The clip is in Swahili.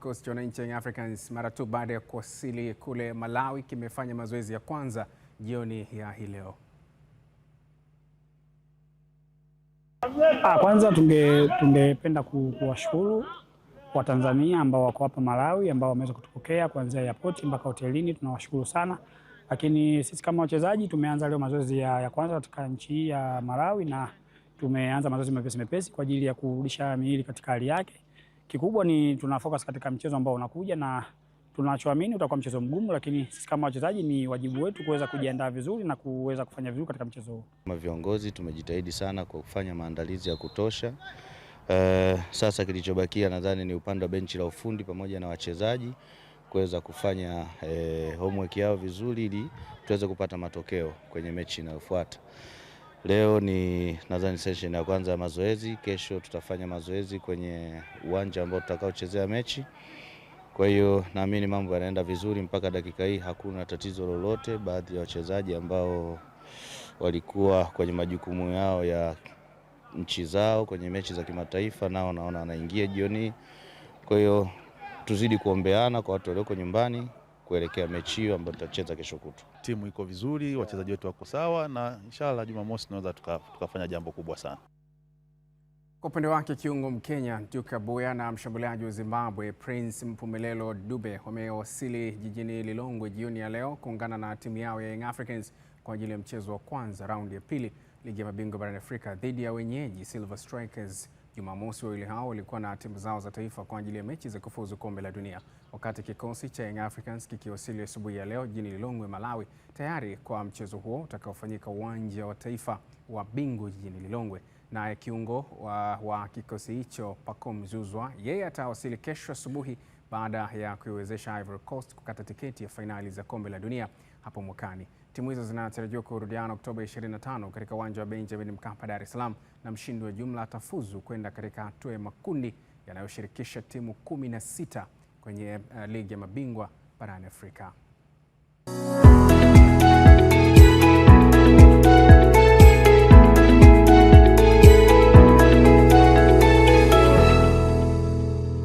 Kikosi cha wananchi Young Africans mara tu baada ya kuwasili kule Malawi kimefanya mazoezi ya kwanza jioni ya hii leo. Ah, kwanza tungependa tunge ku, kuwashukuru Watanzania ambao wako hapa Malawi ambao wameweza kutupokea kuanzia airport mpaka hotelini, tunawashukuru sana. Lakini sisi kama wachezaji tumeanza leo mazoezi ya, ya kwanza katika nchi ya Malawi na tumeanza mazoezi mepesi mepesi kwa ajili ya kurudisha miili katika hali yake. Kikubwa ni tuna focus katika mchezo ambao unakuja na tunachoamini utakuwa mchezo mgumu, lakini sisi kama wachezaji ni wajibu wetu kuweza kujiandaa vizuri na kuweza kufanya vizuri katika mchezo huu. Kama viongozi tumejitahidi sana kwa kufanya maandalizi ya kutosha. Uh, sasa kilichobakia nadhani ni upande wa benchi la ufundi pamoja na wachezaji kuweza kufanya eh, homework yao vizuri ili tuweze kupata matokeo kwenye mechi inayofuata. Leo ni nadhani session ya kwanza ya mazoezi. Kesho tutafanya mazoezi kwenye uwanja ambao tutakaochezea mechi. Kwa hiyo naamini mambo yanaenda vizuri mpaka dakika hii, hakuna tatizo lolote. Baadhi ya wachezaji ambao walikuwa kwenye majukumu yao ya nchi zao kwenye mechi za kimataifa, nao naona wanaingia jioni. Kwa hiyo tuzidi kuombeana kwa watu walioko nyumbani kuelekea mechi hiyo ambayo tutacheza kesho kutwa. Timu iko vizuri, wachezaji wetu wako sawa, na inshallah Jumamosi tunaweza tukafanya tuka jambo kubwa sana. Kwa upande wake kiungo Mkenya Duke Buya na mshambuliaji wa Zimbabwe Prince Mpumelelo Dube wamewasili jijini Lilongwe jioni ya leo kuungana na timu yao ya Young Africans kwa ajili ya mchezo wa kwanza raundi ya pili ligi ya mabingwa barani Afrika dhidi ya wenyeji Silver Strikers Jumamosi, wawili hao walikuwa na timu zao za taifa kwa ajili ya mechi za kufuzu kombe la dunia, wakati kikosi cha Young Africans kikiwasili asubuhi ya leo jijini Lilongwe, Malawi, tayari kwa mchezo huo utakaofanyika uwanja wa taifa wa Bingu jijini Lilongwe. Naye kiungo wa, wa kikosi hicho Paco Mzuzwa yeye atawasili kesho asubuhi baada ya kuiwezesha Ivory Coast kukata tiketi ya fainali za kombe la dunia hapo mwakani. Timu hizo zinatarajiwa kurudiana Oktoba 25 katika uwanja wa Benjamin Mkapa, Dar es Salaam, na mshindi wa jumla atafuzu kwenda katika hatua ya makundi yanayoshirikisha timu 16 kwenye uh, ligi ya mabingwa barani Afrika.